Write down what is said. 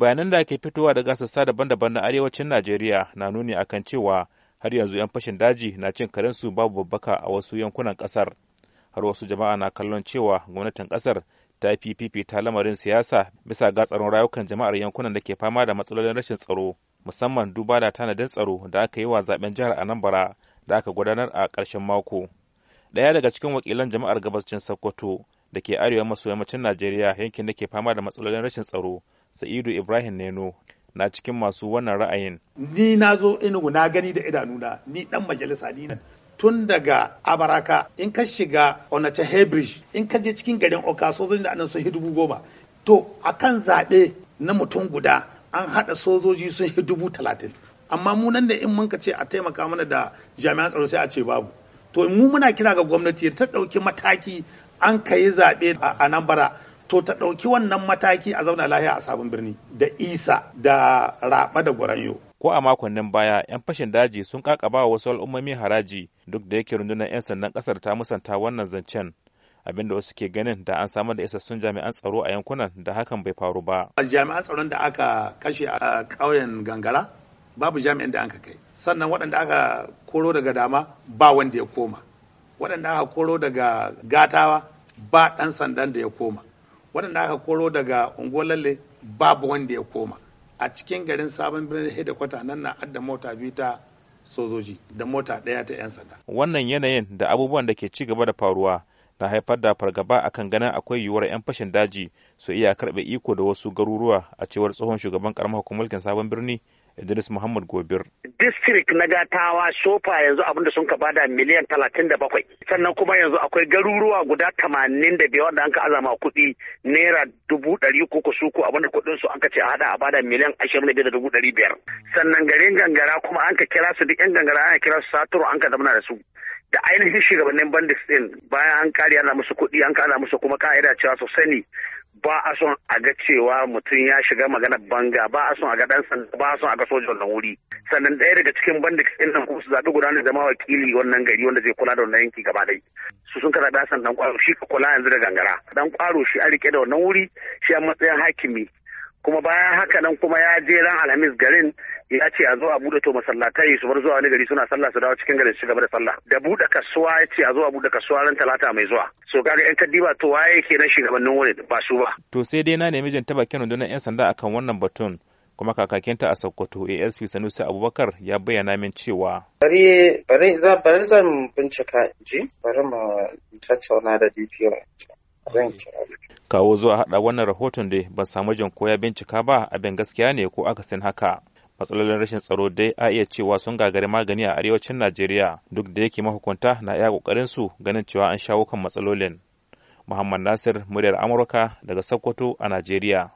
bayanan da ake fitowa daga sassa daban-daban na arewacin najeriya na nuni a kan cewa har yanzu 'yan fashin daji na cin karensu babu babbaka a wasu yankunan kasar har wasu jama'a na kallon cewa gwamnatin kasar ta fi fifita lamarin siyasa bisa ga tsaron rayukan jama'ar yankunan da ke fama da matsalolin rashin tsaro musamman duba da tanadin tsaro da aka yi wa zaben jihar anambra da aka gudanar a ƙarshen mako ɗaya daga cikin wakilan jama'ar gabascin sokoto da ke arewa maso yammacin najeriya yankin da ke fama da matsalolin rashin tsaro sa'idu ibrahim neno na cikin masu wannan ra'ayin ni na zo enugu na gani da idanuna ni dan majalisa ni nan tun daga abaraka in ka shiga onace hebrish in ka je cikin garin oka sojojin da anan sun yi dubu goma to akan zaɓe na mutum guda an haɗa sojoji sun yi dubu talatin amma mu nan da in mun ka ce a taimaka mana da jami'an tsaro sai a ce babu to mu muna kira ga gwamnati ta ɗauki mataki an ka zaɓe a nan bara to ta ɗauki wannan mataki a zauna lahiya a sabon birni da isa da raɓa da gwaranyo. ko a makon nan baya 'yan fashin daji sun kakaba wasu al'ummomi haraji duk da yake rundunar 'yan sandan kasar ta musanta wannan zancen abinda wasu ke ganin da an samar da isassun jami'an tsaro a yankunan da hakan bai faru ba. jami'an tsaron da aka kashe a ƙauyen gangara babu jami'an da an kai sannan waɗanda aka koro daga dama ba wanda ya koma waɗanda aka koro daga gatawa ba ɗan sandan da ya koma waɗanda aka koro daga lalle babu wanda ya koma a cikin garin sabon birnin hedekwata nan na adda mota biyu ta sojoji da mota ɗaya ta 'yan sanda wannan yanayin da abubuwan da ke ci gaba da faruwa ta haifar da fargaba a kan ganin akwai yiwuwar 'yan fashin daji su iya karɓe iko da wasu garuruwa a cewar tsohon shugaban karamar hukumulkin sabon birni Idris Muhammad Gobir. District na Gatawa Sofa yanzu abinda sun ka bada miliyan talatin da bakwai. Sannan kuma yanzu akwai garuruwa guda tamanin da biyar da an ka azama kuɗi naira dubu ɗari uku su ko abinda kuɗin su an ka ce a hada a bada miliyan ashirin da biyar da dubu ɗari biyar. Sannan garin gangara kuma an ka kira su duk 'yan gangara an kira su satura an ka zamana da su. da ainihin shugabannin bandits din bayan an kare ana musu kuɗi an kana musu kuma ka'ida cewa su sani ba a son a ga cewa mutum ya shiga magana banga ba a son a ga dan sanda ba a son a ga sojan na wuri sannan ɗaya daga cikin bandits ɗin nan kuma su zaɓi gudanar zama wakili wannan gari wanda zai kula da wannan yanki gaba ɗaya su sun kada dasan dan kwaro shi ka kula yanzu da gangara dan kwaro shi a rike da wannan wuri shi a matsayin hakimi kuma bayan haka nan kuma ya je ran alhamis garin ya ce a zo a bude to masallatai su bar zuwa wani gari suna sallah su dawo cikin garin su gaba da sallah da bude kasuwa ya ce a zo a bude kasuwa ran talata mai zuwa so kaga yan kaddiba to waye nan shugabannin wani ba su ba to sai dai na nemi jin ta bakin rundunar yan sanda akan wannan batun kuma kakakinta a Sokoto ASP Sanusi Abubakar ya bayyana min cewa. Bari zan bincika ji bari mu tattauna da DPO. Kawo zuwa hada wannan rahoton da ba samu jin koya bincika ba abin gaskiya ne ko aka san haka. matsalolin rashin tsaro dai a iya cewa sun gagari magani a arewacin najeriya duk da yake mahukunta na iya kokarin su ganin cewa an shawo kan matsalolin muhammad nasir muryar amurka daga sokoto a najeriya